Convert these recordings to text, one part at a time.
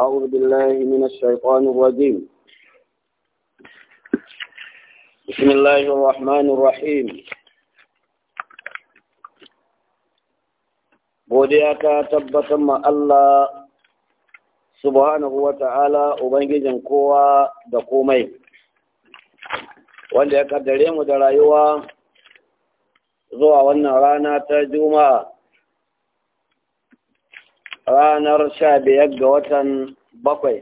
أعوذ بالله من الشيطان الرجيم بسم الله الرحمن الرحيم godiya ta tabbatar ma Allah subhanahu wa ta'ala Ubangijin kowa da komai, wanda ya kaddare mu da rayuwa zuwa wannan rana ta Juma'a ranar sha biyar ga watan bakwai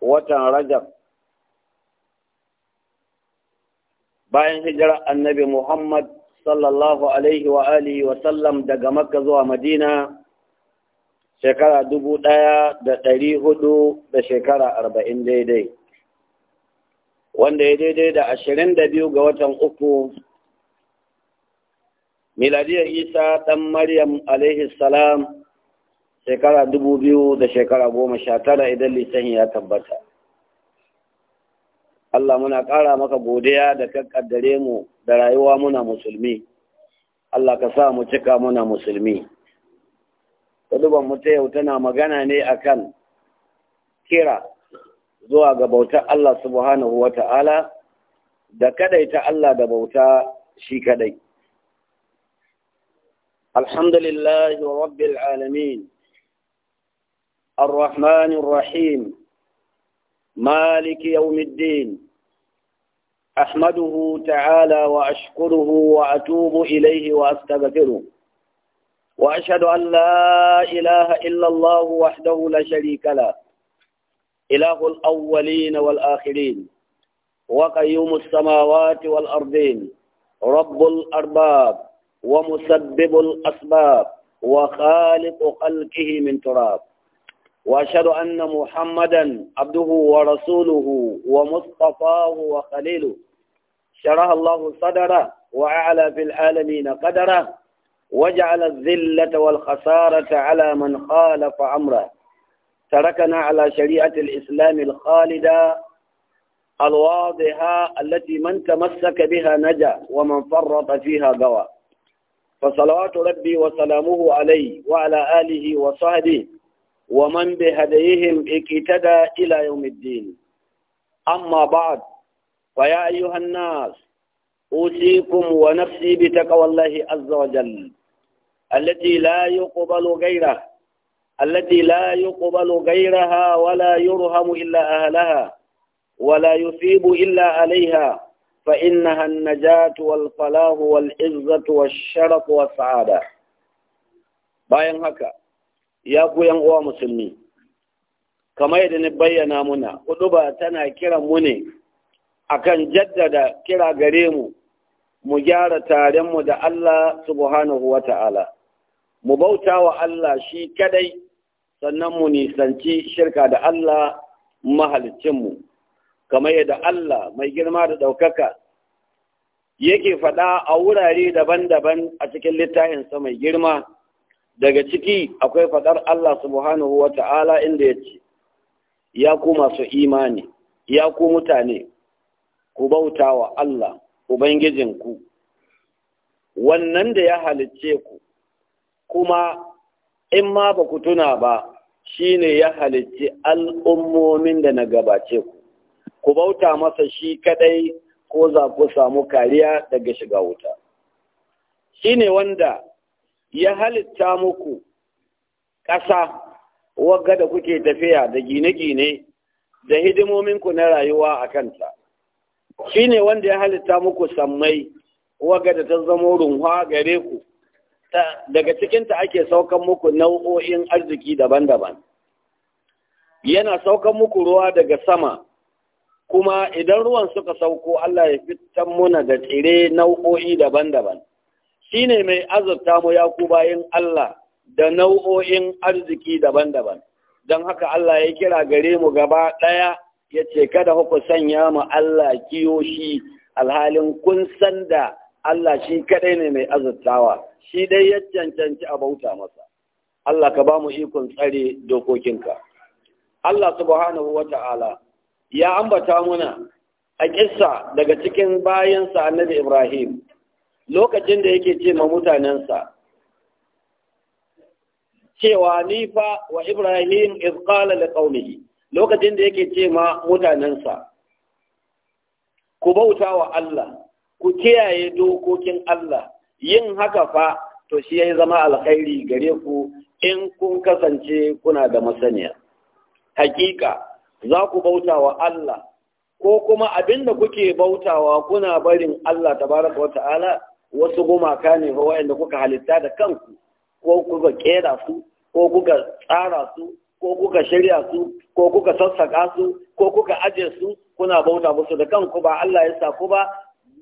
watan rajab bayan hijira annabi muhammad sallallahu alaihi wa alihi wa sallam daga makka zuwa madina shekara dubu ɗaya da ɗari hudu da shekara arba'in daidai wanda ya daidai da ashirin da biyu ga watan uku miladiyar isa ɗan maryam alaihi salam shekara dubu biyu da shekara goma sha tara idan littafin ya tabbata Allah muna ƙara maka godiya da ka ƙaddare mu da rayuwa muna musulmi Allah ka sa mu cika muna musulmi Kuduban mu ta yau tana magana ne akan kira zuwa ga bautar Allah subhanahu wa ta'ala da kadaita Allah da bauta shi kadai. Alhamdulillahi wa rabbil alamin. الرحمن الرحيم مالك يوم الدين أحمده تعالى وأشكره وأتوب إليه وأستغفره وأشهد أن لا إله إلا الله وحده لا شريك له إله الأولين والآخرين وقيوم السماوات والأرضين رب الأرباب ومسبب الأسباب وخالق خلقه من تراب وأشهد أن محمدا عبده ورسوله ومصطفاه وخليله شرح الله صدره وأعلى في العالمين قدره وجعل الذلة والخسارة على من خالف أمره تركنا على شريعة الإسلام الخالدة الواضحة التي من تمسك بها نجا ومن فرط فيها غوى فصلوات ربي وسلامه عليه وعلى آله وصحبه ومن بهديهم اقتدى إلى يوم الدين أما بعد فيا أيها الناس أوصيكم ونفسي بتقوى الله عز وجل التي لا يقبل غيره التي لا يقبل غيرها ولا يرهم إلا أهلها ولا يثيب إلا عليها فإنها النجاة والفلاح والعزة والشرف والسعادة باين هكا ya ku yan uwa musulmi kamar yadda ni bayyana muna ba tana kiran mu ne akan jaddada kira gare mu mu gyara taren mu da Allah subhanahu wata'ala mu bauta wa Allah shi kadai sannan mu nisanci shirka da Allah mahalicin mu kamar yadda Allah mai girma da ɗaukaka yake faɗa a wurare daban-daban a cikin littafinsa mai girma daga ciki akwai faɗar Allah subhanahu wa ta'ala inda ya ce, Ya ku masu imani, ya ku mutane, ku bauta wa Allah, Ubangijinku, wannan da ya halicce ku, kuma in ma ba ku tuna ba, shine ne ya halicci al'ummomin da na gabace ku, ku bauta masa shi kaɗai ko za ku samu kariya daga shiga wuta. Shi ne wanda ya halitta muku ƙasa wagga da kuke tafiya da gine-gine da hidimominku na rayuwa a kanta shi ne wanda ya halitta muku sammai wagga da ta zamo runwa gare ku daga cikinta ake saukan muku nau'o'in arziki daban-daban yana saukan muku ruwa daga sama kuma idan ruwan suka sauko Allah ya fitan muna da tsire nau'o'i daban-daban Shi ne mai azurta mu ya ku bayin Allah da nau'o'in arziki daban-daban don haka Allah ya kira gare mu gaba ɗaya ya ce kada ku sanya mu Allah kiyo shi, alhalin kun san da Allah shi kadai ne mai azurtawa shi dai ya cancanci a bauta masa Allah ka ba mu ikon tsare dokokinka Allah subhanahu Ta'ala ya ambata muna a kissa daga cikin bayansa annabi Ibrahim lokacin da yake ce ma mutanensa cewa ni fa wa Ibrahim iz qala li qaumihi lokacin da yake ce ma mutanensa ku bauta wa Allah ku kiyaye dokokin Allah yin haka fa to shi ya zama alkhairi gare ku in kun kasance kuna da masaniya hakika za ku bauta wa Allah ko kuma abinda kuke bautawa kuna barin Allah tabaraka wata'ala wasu gumaka ne ba kuka halitta da kanku ko kuka kera su ko kuka tsara su ko kuka shirya su ko kuka sassaka su ko kuka aje su kuna bauta musu da kanku ba Allah ya sa ku ba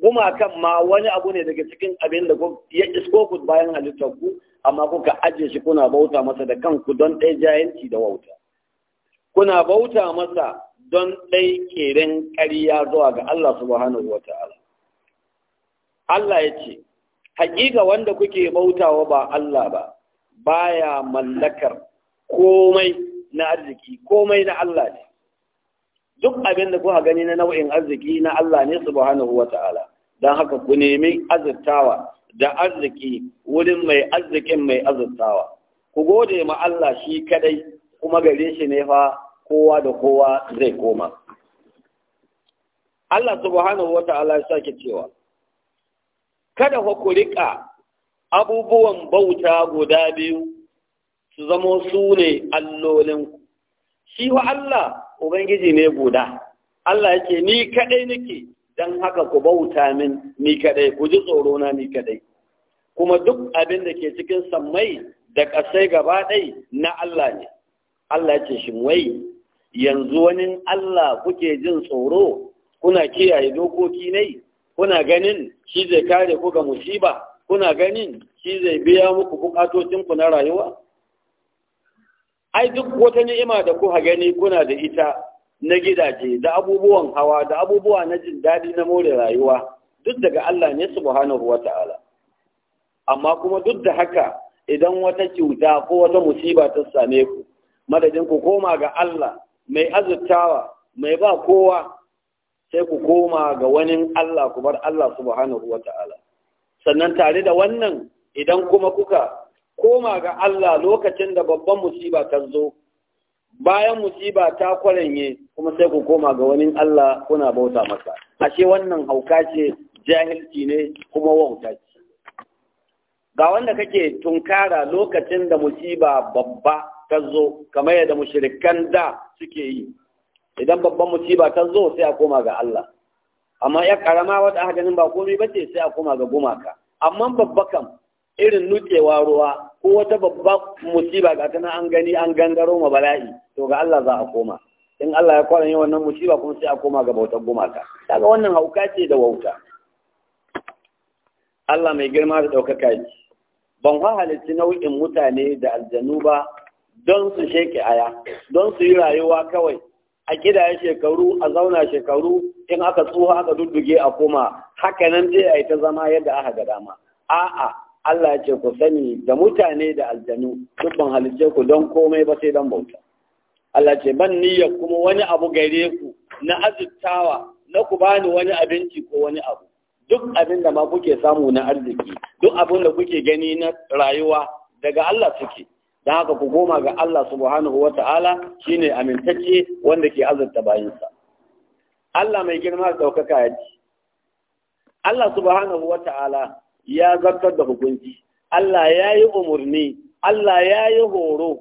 gumakan ma wani abu ne daga cikin abin da ya isko ku bayan halittar ku amma kuka aje shi kuna bauta masa da kanku don ɗaya jayanci da wauta kuna bauta masa don ɗaya ƙeren ƙarya zuwa ga Allah subhanahu wa ta'ala Allah ya ce haƙiƙa wanda kuke bautawa ba Allah ba baya mallakar komai na arziki komai na Allah ne duk abin da kuka gani na nau'in arziki na Allah ne su wa ta'ala don haka ku nemi azurtawa da arziki wurin mai arzikin mai azurtawa ku gode ma Allah shi kadai kuma gare shi ne fa kowa da kowa zai koma Allah su wa ta'ala ya sake cewa kada ku riƙa abubuwan bauta guda biyu su zamo su ne allolinku shi wa Allah ubangiji ne guda Allah yake ni kadai nake dan haka ku bauta min ni kadai ku ji tsoro na ni kadai kuma duk abin da ke cikin sammai da ƙasai gaba ɗai na Allah ne Allah ce shi wai yanzu wani Allah kuke jin tsoro kuna kiyaye dokoki ne kuna ganin shi zai kare ku ga musiba kuna ganin shi zai biya muku ku na rayuwa ai duk wata ni'ima da kuka gani kuna da ita na gidaje da abubuwan hawa da abubuwa na jin daɗi na more rayuwa duk daga Allah ne subhanahu wata'ala amma kuma duk da haka idan wata cuta ko wata musiba ta same ku madadin ku koma ga Allah mai azurtawa mai ba kowa sai ku koma ga wani Allah ku bar Allah subhanahu wata'ala sannan tare da wannan idan kuma kuka koma ga Allah lokacin da babban musiba ta zo bayan musiba ta kwaranye kuma sai ku koma ga wani Allah kuna bauta masa ashe wannan hauka ce jahilci ne kuma wauta ce ga wanda kake tunkara lokacin da musiba babba ta zo kamar yadda mushirikan da suke yi idan babban musiba ta zo sai a koma ga Allah amma ya karama wata aka ganin ba komai ba ce sai a koma ga gumaka amma babbakan irin nutsewa ruwa ko wata babba musiba ga tana an gani an gangaro ma bala'i to ga Allah za a koma in Allah ya kwara yin wannan musiba kuma sai a koma ga bautar gumaka kaga wannan hauka ce da wauta Allah mai girma da ɗaukaka ji ban halitta nau'in mutane da aljanu ba don su sheke aya don su yi rayuwa kawai a ya shekaru a zauna shekaru in aka tsoho aka dudduge a koma haka nan dai a yi ta zama yadda aka ga dama a'a Allah ya ce ku sani da mutane da aljanu dukkan halice ku don komai ba sai don bauta Allah ce ban niyya kuma wani abu gare ku na azurtawa na ku bani wani abinci ko wani abu duk abin da ma kuke samu na arziki duk abin da kuke gani na rayuwa daga Allah suke don haka ku goma ga Allah subhanahu wa ta'ala shi ne amintacce wanda ke azurta bayansa. Allah mai girma da ɗaukaka ya ce, Allah subhanahu wa ta'ala ya zartar da hukunci, Allah ya yi umarni, Allah ya yi horo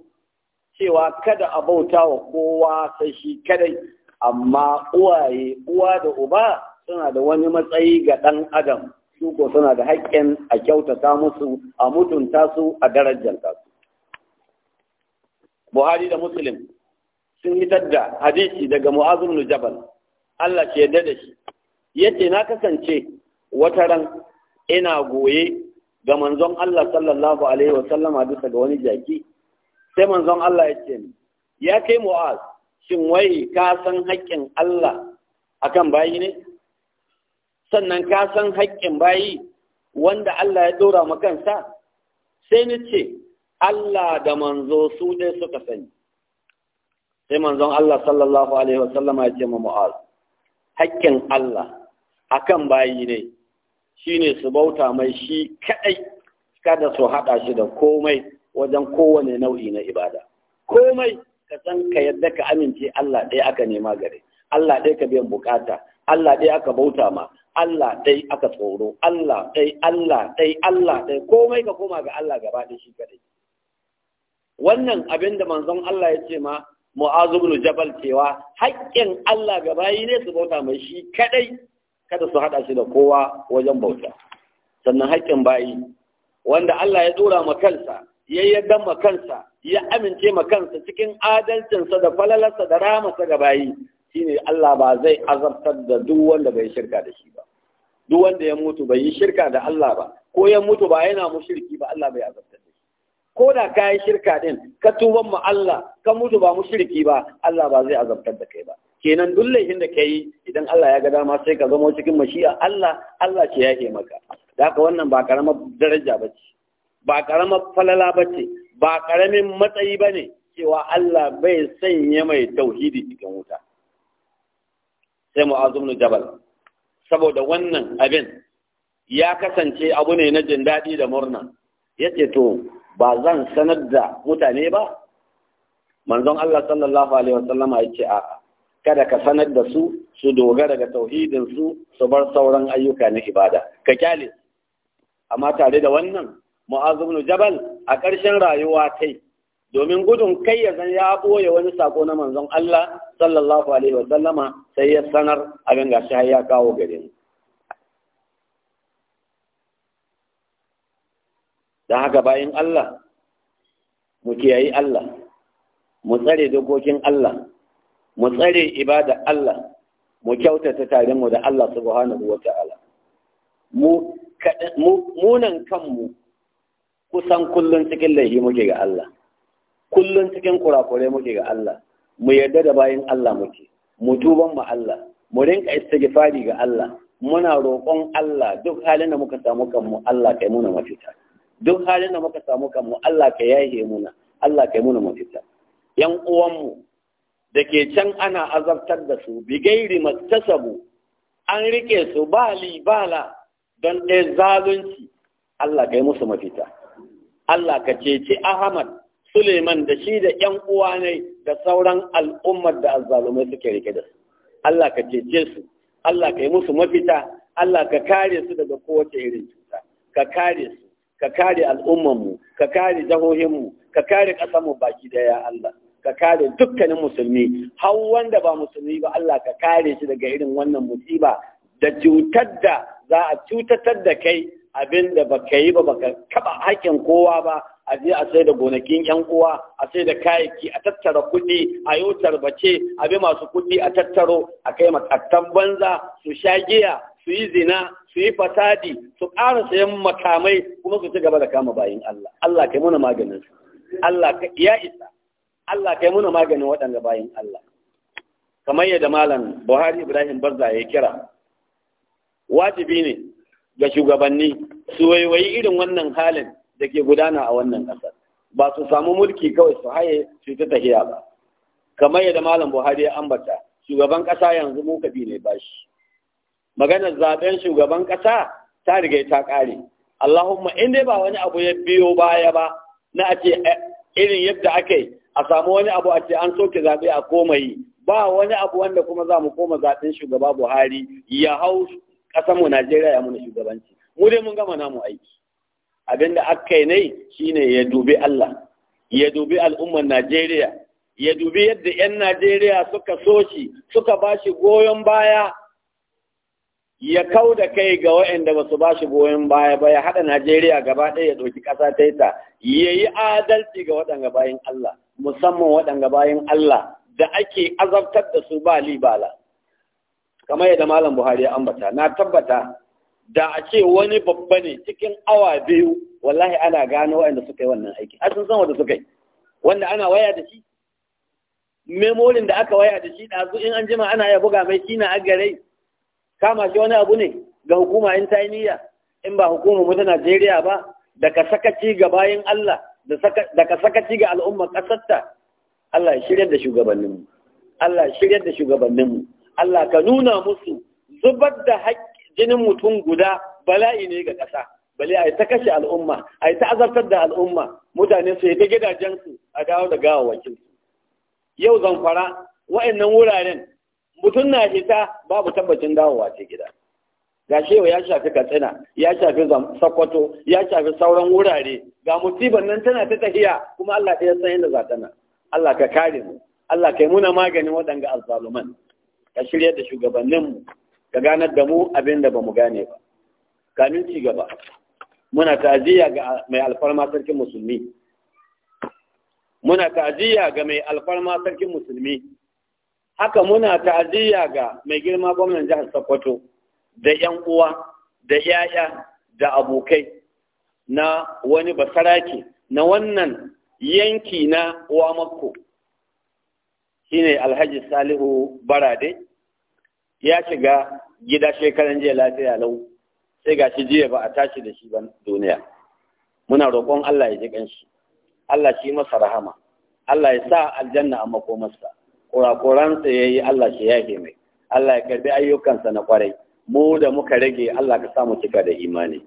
cewa kada a bauta wa kowa sai shi kadai, amma uwaye, uwa da uba suna da wani matsayi ga ɗan adam, shuko suna da haƙƙin a kyautata musu, a mutunta su, a darajar su. buhari da muslim sun hitar da hadisi daga mu'azin nujabal jabal Allah ke yarda da shi yace na kasance wata ran ina goye ga manzon Allah sallallahu alaihi wasallam a bisa ga wani jaki sai manzon Allah ya ce ya kai mu'az shin wai ka san haƙƙin Allah a kan bayi ne sannan ka san haƙƙin bayi wanda Allah ya ɗora ma kansa sai ni ce Allah da manzo su ne suka sani sai manzon Allah sallallahu alaihi wasallama ya ce ma Mu'az hakkin Allah akan bayi ne shine su bauta mai shi kadai kada su hada shi da komai wajen kowane nau'i na ibada komai ka san ka yadda ka amince Allah ɗaya aka nema gare Allah ɗaya ka biyan bukata Allah ɗaya aka bauta ma Allah dai aka tsoro, Allah dai Allah dai Allah dai komai ka koma ga Allah gaba da shi kaɗai. wannan abin da manzon Allah ya ce ma mu'azu bin jabal cewa haƙƙin Allah ga bayi ne su bauta mai shi kadai kada su hada shi da kowa wajen bauta sannan haƙƙin bayi wanda Allah ya dora ma kansa ya yarda ma kansa ya amince ma kansa cikin adalcinsa da falalarsa da ramarsa ga bayi shine Allah ba zai azabtar da duk wanda bai shirka da shi ba duk wanda ya mutu bai yi shirka da Allah ba ko ya mutu ba yana mushriki ba Allah bai azabta. ko da ka yi shirka ɗin ka tuba mu Allah ka mutu ba mu shirki ba Allah ba zai azabtar da kai ba kenan duk laifin da ka yi idan Allah ya ga dama sai ka zama cikin mashi'a Allah Allah ce ya ke maka da haka wannan ba karamar daraja ba ce ba karamar falala ba ce ba karamin matsayi ba ne cewa Allah bai sanya mai tauhidi cikin wuta sai mu'azum jabal saboda wannan abin ya kasance abu ne na jin daɗi da murna ya ce to ba zan sanar da mutane ba manzon Allah sallallahu alaihi wasallam ya ce a kada ka sanar da su su dogara ga tauhidin su su bar sauran ayyuka na ibada ka kyale amma tare da wannan mu'azu ibn jabal a ƙarshen rayuwa tai domin gudun kai ya zan ya boye wani sako na manzon Allah sallallahu alaihi wasallama sai ya sanar abin gashi har ya kawo gare mu don haka bayan Allah mu kiyayi Allah mu tsare dokokin Allah mu tsare ibada Allah mu kyautata tarinmu da Allah subhanahu wa ta'ala mu munan kanmu kusan kullum cikin laifi muke ga Allah kullum cikin kurakurai muke ga Allah mu yarda da bayan Allah muke mu tuban mu Allah mu rinka istighfari ga Allah muna roƙon Allah duk halin da muka samu kanmu Allah kai muna mafita duk halin da muka samu kanmu Allah ka yaye muna Allah ka yi muna mafita yan uwanmu da ke can ana azabtar da su bigairi mattasabu an rike su ba libala don ɗaya zalunci Allah ka yi musu mafita Allah ka ceci Ahmad Suleiman da shi da ‘yan uwa ne da sauran al'ummar da azzalumai suke rike da su Allah ka cece su Allah ka yi musu mafita Allah ka kare su daga kowace irin cuta ka kare su ka kare al'ummanmu ka kare jahohinmu ka kare ƙasarmu baki daya Allah ka kare dukkanin musulmi har wanda ba musulmi ba Allah ka kare shi daga irin wannan musiba da cutar da za a cutatar da kai abin da baka yi ba baka kaba haƙƙin kowa ba a je a sai da gonakin ƴan uwa a sai da kayayyaki a tattara kuɗi a yau tarbace a bi masu kuɗi a tattaro a kai matattan banza su sha giya su yi zina su yi fasadi su ƙara yin makamai kuma su ci gaba da kama bayin Allah Allah kai muna maganin su Allah ya isa Allah kai muna maganin waɗanda bayin Allah kamar yadda malam Buhari Ibrahim Barza ya kira wajibi ne ga shugabanni su waiwayi irin wannan halin da ke gudana a wannan ƙasar ba su samu mulki kawai su haye su ta tahiya ba kamar yadda malam Buhari ya ambata shugaban ƙasa yanzu muka kabi ne bashi maganar zaben shugaban ƙasa ta riga ta ƙare Allahumma in dai ba wani abu ya biyo baya ba na a ce eh, irin yadda aka a samu wani abu a ce an soke zaɓe a komai ba wani abu wanda kuma za mu koma zaɓen shugaba Buhari ya hau ƙasarmu Najeriya ya muni shugabanci mu dai mun gama namu aiki abinda aka yi ne shine ya dubi Allah ya dubi al'ummar Najeriya ya dubi yadda 'yan Najeriya suka so shi suka bashi goyon baya ya kau da kai ga waɗanda ba su ba shi goyon baya ba ya haɗa Najeriya gaba ɗaya ya ɗauki ƙasa ta ta ya yi adalci ga waɗanga bayan Allah musamman waɗanga bayan Allah da ake azabtar da su ba libala kamar yadda Malam Buhari ya ambata na tabbata da a ce wani babba ne cikin awa biyu wallahi ana gano waɗanda suka yi wannan aiki a sun san wanda suka yi wanda ana waya da shi memorin da aka waya da shi ɗazu in an jima ana ya buga mai shi na agarai kama shi wani abu ne ga hukuma in ta yi niyya in ba hukumar mu ta Najeriya ba da ka sakaci ga bayan Allah da ka sakaci ga al'umma kasarta Allah ya shiryar da shugabanninmu Allah ya shiryar da shugabanninmu Allah ka nuna musu zubar da jinin mutum guda bala'i ne ga ƙasa bale a yi ta kashe al'umma a yi ta azartar da al'umma mutane su yi ta gidajensu a dawo da gawawakin yau zamfara wa'annan wuraren mutum na hita babu tabbacin dawowa ce gida ga shewa ya shafi katsina ya shafi sakwato ya shafi sauran wurare ga musibar nan tana ta tafiya kuma Allah ɗaya san yadda za ta na Allah ka kare mu Allah kai muna maganin waɗanga azzaluman ka shirya da shugabanninmu ka ganar da mu abin da ba mu gane ba kamin ci gaba muna ta'aziyya ga mai alfarma sarkin musulmi muna ta'aziyya ga mai alfarma sarkin musulmi haka muna ta'aziyya ga mai girma gwamnan jihar Sokoto da ‘yan uwa da ‘ya'ya da abokai na wani basarake na wannan yanki na Wamakko shine Alhaji Salihu Barade ya shiga gida shekaran jiya lafiya lau sai ga shi jiya ba a tashi da shi ba duniya muna roƙon Allah ya ji ƙanshi Allah shi masa rahama Allah ya sa aljanna a makomarsa kurakuransa ya yi Allah shi yafe mai Allah ya karbi ayyukansa na kwarai mu da muka rage Allah ka samu cika da imani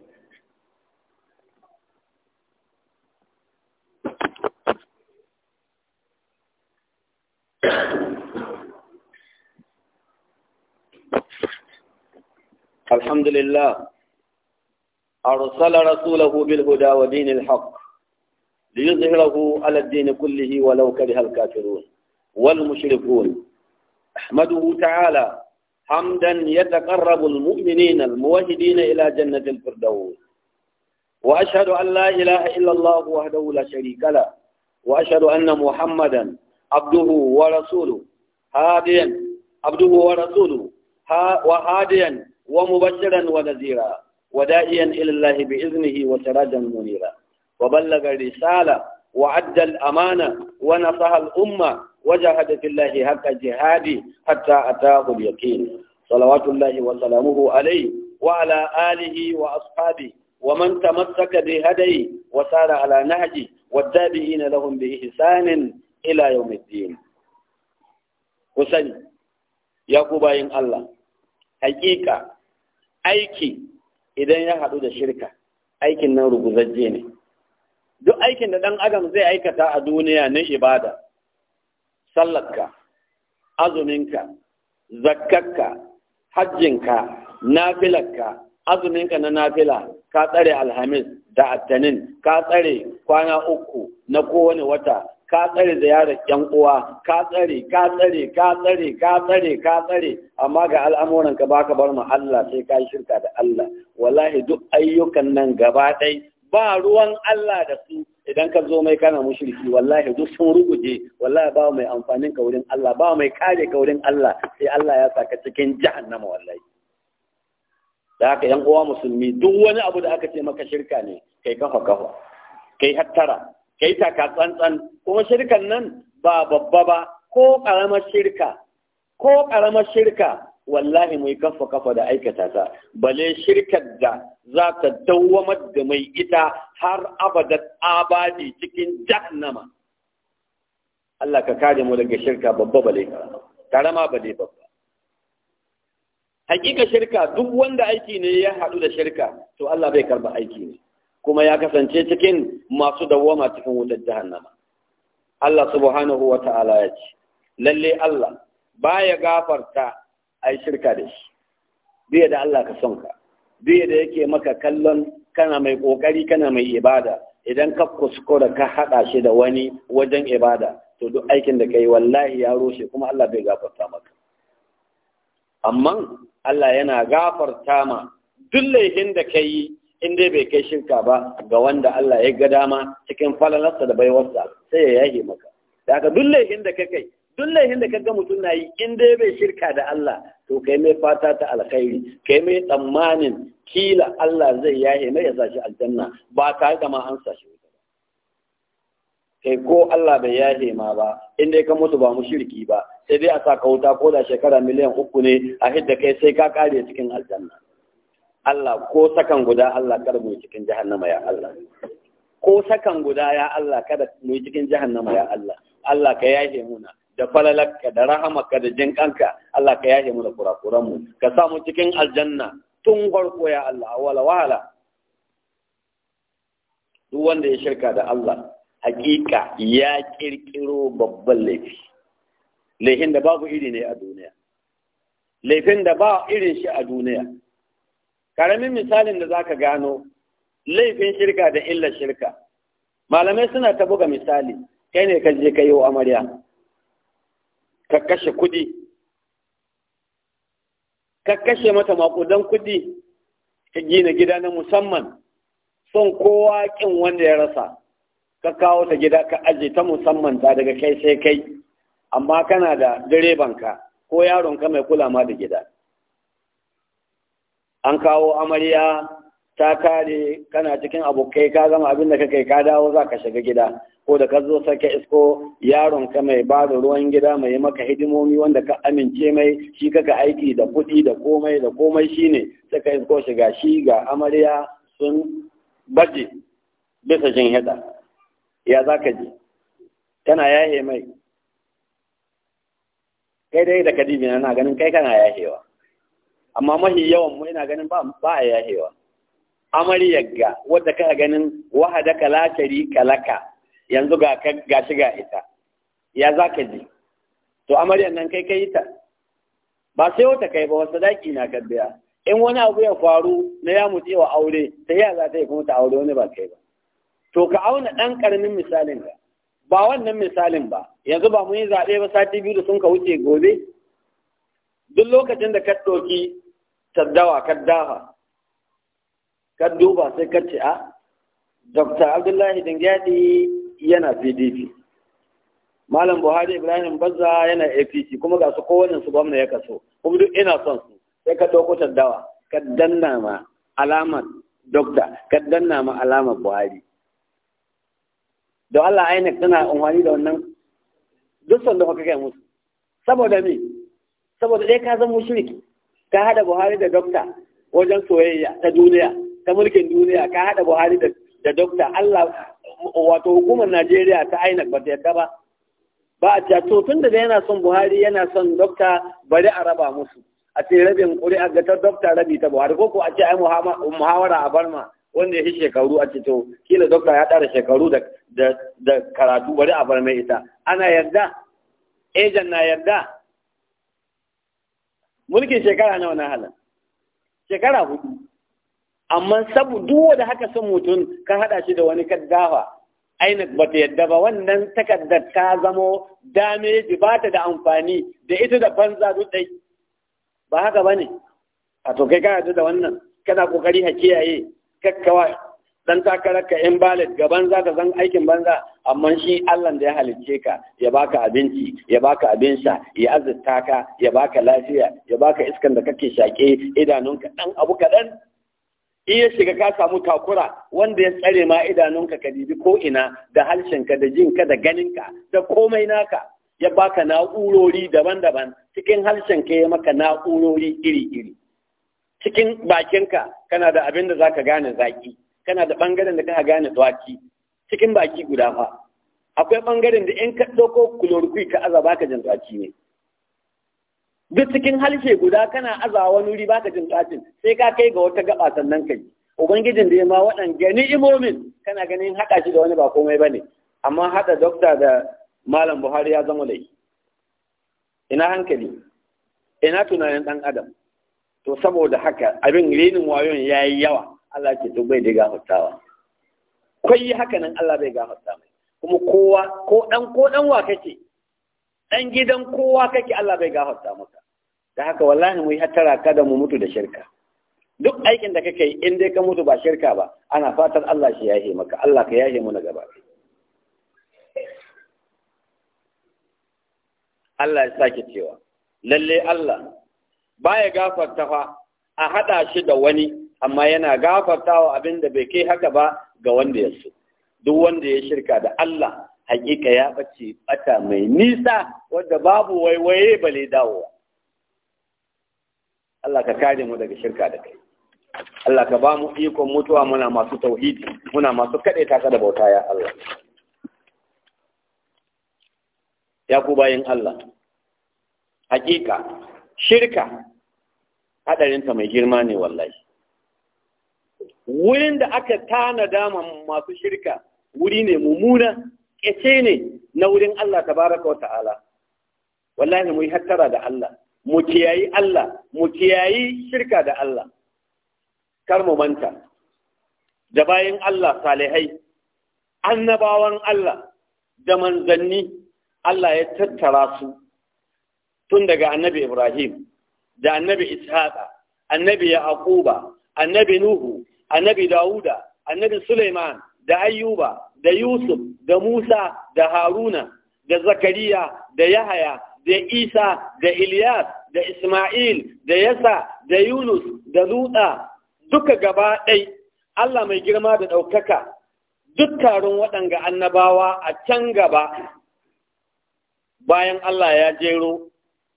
الحمد لله أرسل رسوله بالهدى ودين الحق ليظهره على الدين كله ولو كره الكافرون والمشركون أحمده تعالى حمدا يتقرب المؤمنين الموحدين إلى جنة الفردوس وأشهد أن لا إله إلا الله وحده لا شريك له وأشهد أن محمدا عبده ورسوله هاديا عبده ورسوله وهاديا ومبشرا ونذيرا وداعيا إلى الله بإذنه وسراجا منيرا وبلغ الرسالة وعد الأمانة ونصح الأمة وجاهد في الله حق جهاده حتى أتاه اليقين صلوات الله وسلامه عليه وعلى آله وأصحابه ومن تمسك بهديه وسار على نهجه والتابعين لهم بإحسان إلى يوم الدين وسن يقوب إن الله حقيقة أيكي إذا يحدد الشركة أيكي النور بزجيني duk aikin da ɗan adam zai aikata a duniya na ibada sallarka azuminka zakkaka, hajjinka nafilarka azuminka na nafila ka tsare alhamis da attanin ka tsare kwana uku na kowane wata ka tsare ziyarar yan uwa ka tsare ka tsare ka tsare ka tsare ka tsare amma ga al'amuran ka baka bar mu Allah sai ka yi shirka da Allah wallahi duk ayyukan nan gaba ɗaya ba ruwan Allah da su idan ka zo mai kana mushriki wallahi duk sun ruguje wallahi ba mai amfanin ka wurin Allah ba mai kare ka wurin Allah sai Allah ya saka cikin jahannama wallahi da haka yan uwa musulmi duk wani abu da aka ce maka shirka ne kai kafa kafa kai hattara kai taka tsantsan kuma shirkan nan ba babba ba ko karamar shirka ko karamar shirka wallahi mai kafa kafa da aikata ta bale shirkar da za ta dawwamar da mai ita har abada abadi cikin jahannama Allah ka kare mu daga shirka babba bale karama bale babba hakika shirka duk wanda aiki ne ya haɗu da shirka to Allah bai karba aiki ne kuma ya kasance cikin masu dawama cikin wutar jahannama Allah subhanahu wa ta'ala ya ce lalle Allah baya gafarta a shirka da shi biya da Allah ka son ka biya da yake maka kallon kana mai ƙoƙari kana mai ibada idan ka kuskura ka haɗa shi da wani wajen ibada to duk aikin da ka yi wallahi ya rushe kuma Allah bai gafarta maka amma Allah yana gafarta ma duk laifin da ka yi in dai bai kai shirka ba ga wanda Allah ya ga dama cikin falalarsa da baiwarsa sai ya yage maka da haka duk laifin da ka kai duk laifin da kaga mutum na yi in dai bai shirka da Allah to kai mai fata ta alkhairi kai mai tsammanin kila Allah zai yaye mai ya sashi aljanna ba tare da ma an sashi ba kai ko Allah bai yaye ma ba in dai ka mutu ba mu shirki ba sai dai a saka wuta ko da shekara miliyan uku ne a hidda kai sai ka kare cikin aljanna Allah ko sakan guda Allah kada mu cikin jahannama ya Allah ko sakan guda ya Allah kada mu cikin jahannama ya Allah Allah ka yaye muna da falalarka da rahamaka da jin kanka Allah ka yashe mu da kurakuran mu ka sa mu cikin aljanna tun farko ya Allah wala wala duk wanda ya shirka da Allah hakika ya kirkiro babban laifi laifin da babu iri ne a duniya laifin da ba irin shi a duniya karamin misalin da zaka gano laifin shirka da illa shirka malamai suna ta buga misali kai ne ka je ka yi wa amarya ka kashe kuɗi ka kashe mata makudan kuɗi ka gina gida na musamman son kowa ƙin wanda ya rasa ka kawo ta gida ka aje ta musamman ta daga kai sai kai amma kana da direbanka ko yaron ka mai kulama da gida an kawo amarya ta kare kana cikin abokai ka zama abin da kai ka dawo za ka shiga gida ko da ka zo sake isko yaron ka mai ba da ruwan gida mai maka hidimomi wanda ka amince mai shi kaka aiki da kuɗi da komai da komai shine ne suka isko shiga shi ga amarya sun baje bisa jin hida ya za ka ji tana yahe mai kai dai da kadibi na ganin kai kana yahewa amma mahi yawan mu ina ganin ba a yahewa amaryarga wadda ka ganin wahada ka la ka laka yanzu ga gashi ga ita ya za ka ji to amaryar nan kai kai ta ba sai wata kai ba wasu daki na ka in wani abu ya faru na ya mutu wa aure ta yi za ta yi kuma ta aure wani ba kai ba to ka auna ɗan ƙaramin misalin ka ba wannan misalin ba yanzu ba mun yi zaɓe ba sati biyu da sun ka wuce gobe duk lokacin da ka ɗauki taddawa ka dafa kan duba sai ka ce ah, a dr abdullahi dingadi yana pdp malam buhari ibrahim bazza yana apc kuma ga su kowane su gwamna ya kaso kuma duk ina son su sai ka ɗauko dawa ka danna ma alamar dokta ka danna ma alamar buhari don allah ainihin tana unwani da wannan duk son da kuka kai musu saboda me saboda ɗaya ka zama shirki ka haɗa buhari da dokta wajen soyayya ta duniya ta mulkin duniya ka haɗa buhari da dokta allah wato hukumar najeriya ta aina ba ta yadda ba ba a ce to tun da yana son buhari yana son dokta bari a raba musu a ce rabin ƙuri'a ga ta dokta rabi ta buhari ko ko a ce ai muhawara a barma wanda ya fi shekaru a ce to kila dokta ya tsara shekaru da karatu bari a bar mai ita ana yarda ejan na yarda mulkin shekara nawa na halar shekara hudu amma sabu duk da haka san mutum ka haɗa shi da wani kaddafa INEC ba ta yadda ba wannan takardar ta zamo dameji ba ta da amfani da ita da banza dai ba haka ba ne a to kai kana da wannan kana kokari ka kiyaye kakkawa dan takarar ka in balad gaban za ka zan aikin banza amma shi Allah da ya halicce ka ya baka abinci ya baka abin sha ya azurta ka ya baka lafiya ya baka iskan da kake shaƙe idanunka dan abu kaɗan in ya shiga ka samu takura wanda ya tsare ma idanunka ka dibi ko ina da harshenka da jinka da ganinka da komai naka ya baka na'urori daban-daban cikin harshenka ya maka na'urori iri-iri cikin bakinka kana da abin da zaka gane zaki kana da bangaren da ka gane tsaki cikin baki guda fa akwai bangaren da in ka ɗauko kulorkui ka aza baka jin tsaki ne duk cikin halshe guda kana aza wani wuri baka jin ɗacin sai ka kai ga wata gaba sannan kai ubangijin da ya ma gani imomin kana ganin haɗa shi da wani ba komai ba ne amma haɗa dokta da malam buhari ya zama laifi ina hankali ina tunanin ɗan adam to saboda haka abin renin wayon ya yi yawa Allah ke to bai da gafartawa kwai haka nan Allah bai gafarta mai kuma kowa ko ɗan ko ɗan wa kake ɗan gidan kowa kake Allah bai gafarta maka da haka wallahi mu yi hattara kada mu mutu da shirka duk aikin da kake yi in dai ka mutu ba shirka ba ana fatan Allah shi yahe maka Allah ka yahe mu na gaba Allah ya sake cewa lalle Allah baya gafarta fa a hada shi da wani amma yana gafartawa abin da bai kai haka ba ga wanda ya so duk wanda ya shirka da Allah hakika ya bace bata mai nisa wadda babu waiwaye bale dawowa Allah ka kare mu daga shirka da kai Allah ka ba mu ikon mutuwa muna masu tauhidi muna masu kade taka da bauta ya Allah ya ku bayin Allah hakika shirka hadarinta mai girma ne wallahi wurin da aka tana dama masu shirka wuri ne mummuna ƙyace ne na wurin Allah tabaraka wa ta'ala wallahi mu yi hattara da Allah mu kiyayi Allah mu kiyayi shirka da Allah kar mu manta da bayan Allah salihai annabawan Allah da manzanni Allah ya tattara su tun daga annabi Ibrahim da annabi Ishaqa annabi Yaquba annabi Nuhu annabi Dawuda annabi Suleiman, da Ayyuba da Yusuf da Musa da Haruna da Zakariya da Yahaya da isa da ilyas da isma'il da yasa da yunus da lutsa duka gaba ɗai allah mai girma da ɗaukaka duk taron waɗanga annabawa a can gaba bayan allah ya jero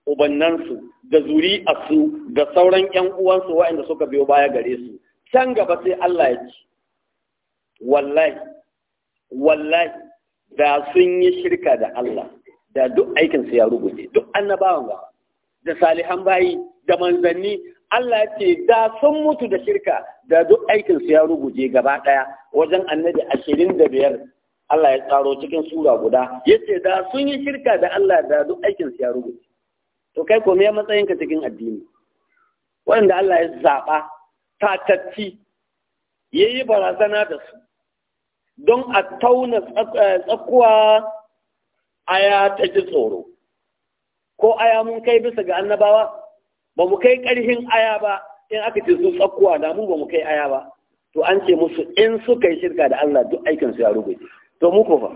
ubannansu da zuri'arsu da sauran 'yan uwansu waɗanda suka biyo baya gare su can gaba sai allah ya ci wallahi wallahi da sun yi shirka da Allah da duk aikinsu ya rubuce duk annabawan ba da salihan bayi da manzanni Allah ce da sun mutu da shirka da duk aikinsu ya rubuce gaba ɗaya wajen annabi ashirin da biyar Allah ya tsaro cikin sura guda ya ce da sun yi shirka da Allah da duk aikinsu ya rubuce. to kai ko me matsayinka cikin addini waɗanda Allah ya zaɓa tatacci ya yi barazana da su don a tauna eh, tsakuwa aya ta ji tsoro ko aya mun kai bisa ga annabawa ba mu kai ƙarhin aya ba in aka ce su tsakkuwa da mu ba mu kai aya ba to an ce musu in suka yi shirka da Allah duk aikin su ya rubuce to mu ko fa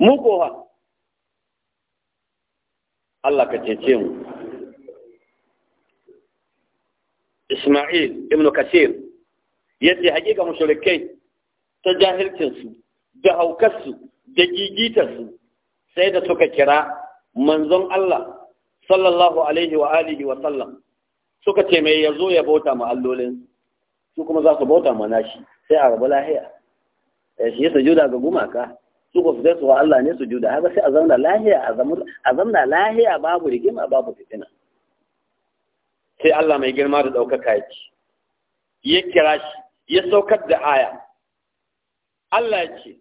mu ko fa Allah ka cece mu Isma'il ibn Kasir yace hakika mushrikai ta jahilcin su da haukar su da gigitarsu sai da suka kira manzon Allah sallallahu alaihi wa alihi wa sallam suka ce mai yazo ya bauta ma allolin su kuma za su bauta ma nashi sai a rabu lahiya eh, shi su juda ga gumaka su ko su sai su wa Allah ne su juda haka sai a zauna lahiya a zauna lahiya babu rigima babu fitina sai Allah mai girma da ɗaukaka ya ce ya kira shi ya saukar da aya Allah ya ce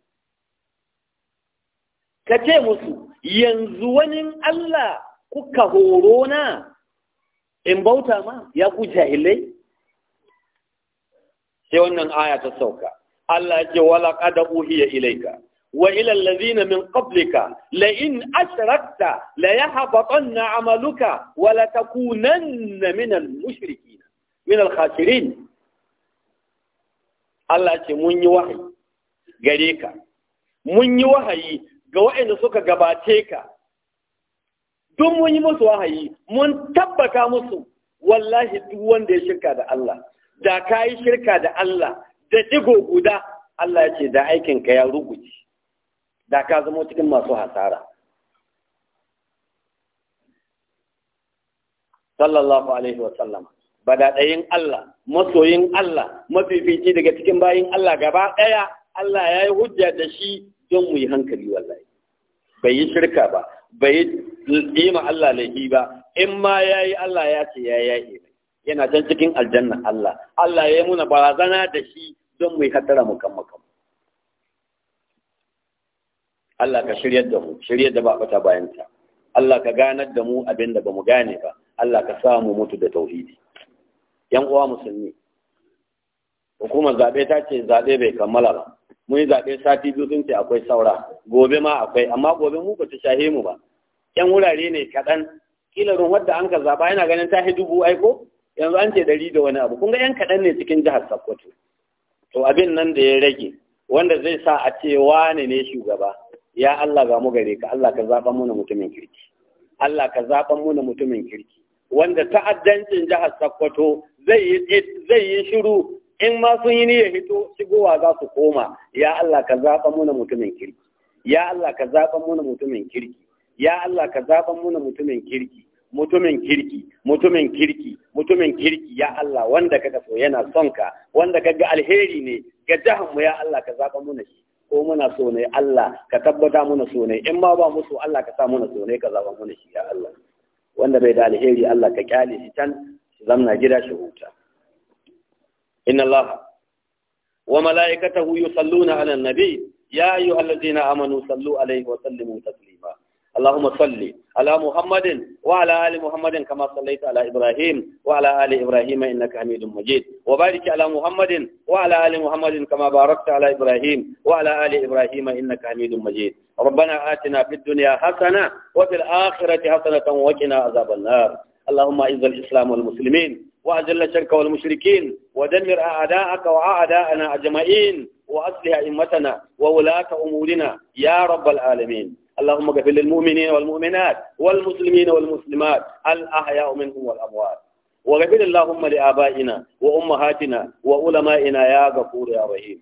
ka ce musu yanzu wani Allah kuka horo na in bauta ma ya ku jahilai sai wannan aya ta sauka Allah ce wala qad uhiya ilaika wa ila allazina min qablika la in laya la yahbatanna amaluka wala ta takunanna min al khasirin Allah ce mun yi wahayi gare ka mun yi wahayi ga waɗanda suka gabace ka duk mun yi musu wahayi mun tabbata musu wallahi duk wanda ya shirka da Allah da ka yi shirka da Allah da digo guda Allah ya ce da aikinka ya rubuce da ka zama cikin masu hasara sallallahu alaihi wa sallam. badaɗayin Allah masoyin Allah mafifici daga cikin bayin Allah gaba ɗaya Allah ya yi hujja da shi don mu yi hankali wallahi bai yi shirka ba bai yi ma Allah laifi ba in ma ya yi Allah ya ce ya yi yana can cikin aljanna Allah Allah ya yi muna barazana da shi don mu yi hatara mu kan makam Allah ka shiryar da mu shiryar da ba bata bayanta Allah ka ganar da mu abin da bamu gane ba Allah ka sa mu mutu da tauhidi yan uwa musulmi hukumar zaɓe ta ce zabe bai kammala ba mun yi zaɓe sati biyu sun ce akwai saura gobe ma akwai amma gobe mu ba ta shahe mu ba yan wurare ne kaɗan kila ruwan wadda an ka zaɓa yana ganin ta dubu aiko yanzu an ce ɗari da wani abu kun ga yan kaɗan ne cikin jihar Sokoto to abin nan da ya rage wanda zai sa a ce wane ne shugaba ya Allah ga mu gare ka Allah ka zaɓa muna mutumin kirki Allah ka zaɓa muna mutumin kirki wanda ta'addancin jihar Sokoto zai yi shiru in ma sun yi niyyar hito shigowa za su koma ya Allah ka zaɓa muna mutumin kirki ya Allah ka zaɓa muna mutumin kirki ya Allah ka zaɓa muna mutumin kirki mutumin kirki mutumin kirki mutumin kirki ya Allah wanda kaga so yana son ka wanda kaga alheri ne ga jahan mu ya Allah ka zaɓa muna shi ko muna so ne Allah ka tabbata muna so ne in ma ba mu so Allah ka sa muna so ne ka zaɓa muna shi ya Allah wanda bai da alheri Allah ka kyale shi can zamna gida shi huta إن الله وملائكته يصلون على النبي يا أيها الذين آمنوا صلوا عليه وسلموا تسليما اللهم صل على محمد وعلى آل محمد كما صليت على إبراهيم وعلى آل إبراهيم إنك حميد مجيد وبارك على محمد وعلى آل محمد كما باركت على إبراهيم وعلى آل إبراهيم إنك حميد مجيد ربنا آتنا في الدنيا حسنة وفي الآخرة حسنة وقنا عذاب النار اللهم أعز الإسلام والمسلمين وأجل الشرك والمشركين ودمر أعداءك وأعداءنا أجمعين وأصلح أئمتنا وولاة أمورنا يا رب العالمين اللهم اغفر للمؤمنين والمؤمنات والمسلمين والمسلمات الأحياء منهم والأموات وغفر اللهم لآبائنا وأمهاتنا وعلمائنا يا غفور يا رحيم